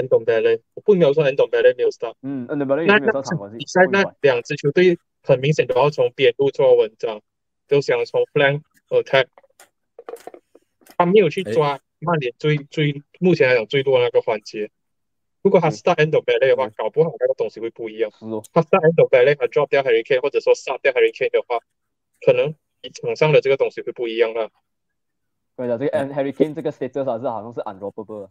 Ndombele，我並沒有說 Ndombele，沒有 stop。嗯，那那比賽那兩支球隊，很明顯都要從邊路做文章，都想從 flank attack。他沒有去抓曼聯、欸、最最目前來講最弱那個環節。如果他 stop Ndombele 的話、嗯，搞不好那個東西會不一樣。嗯、他 stop Ndombele 他 drop 掉 Harry Kane 或者說殺掉 Harry Kane 的話，可能你場上的這個東西會不一樣啦。係、嗯、啊，這個 n Harry Kane 這個 status 啊，是好像是 undroppable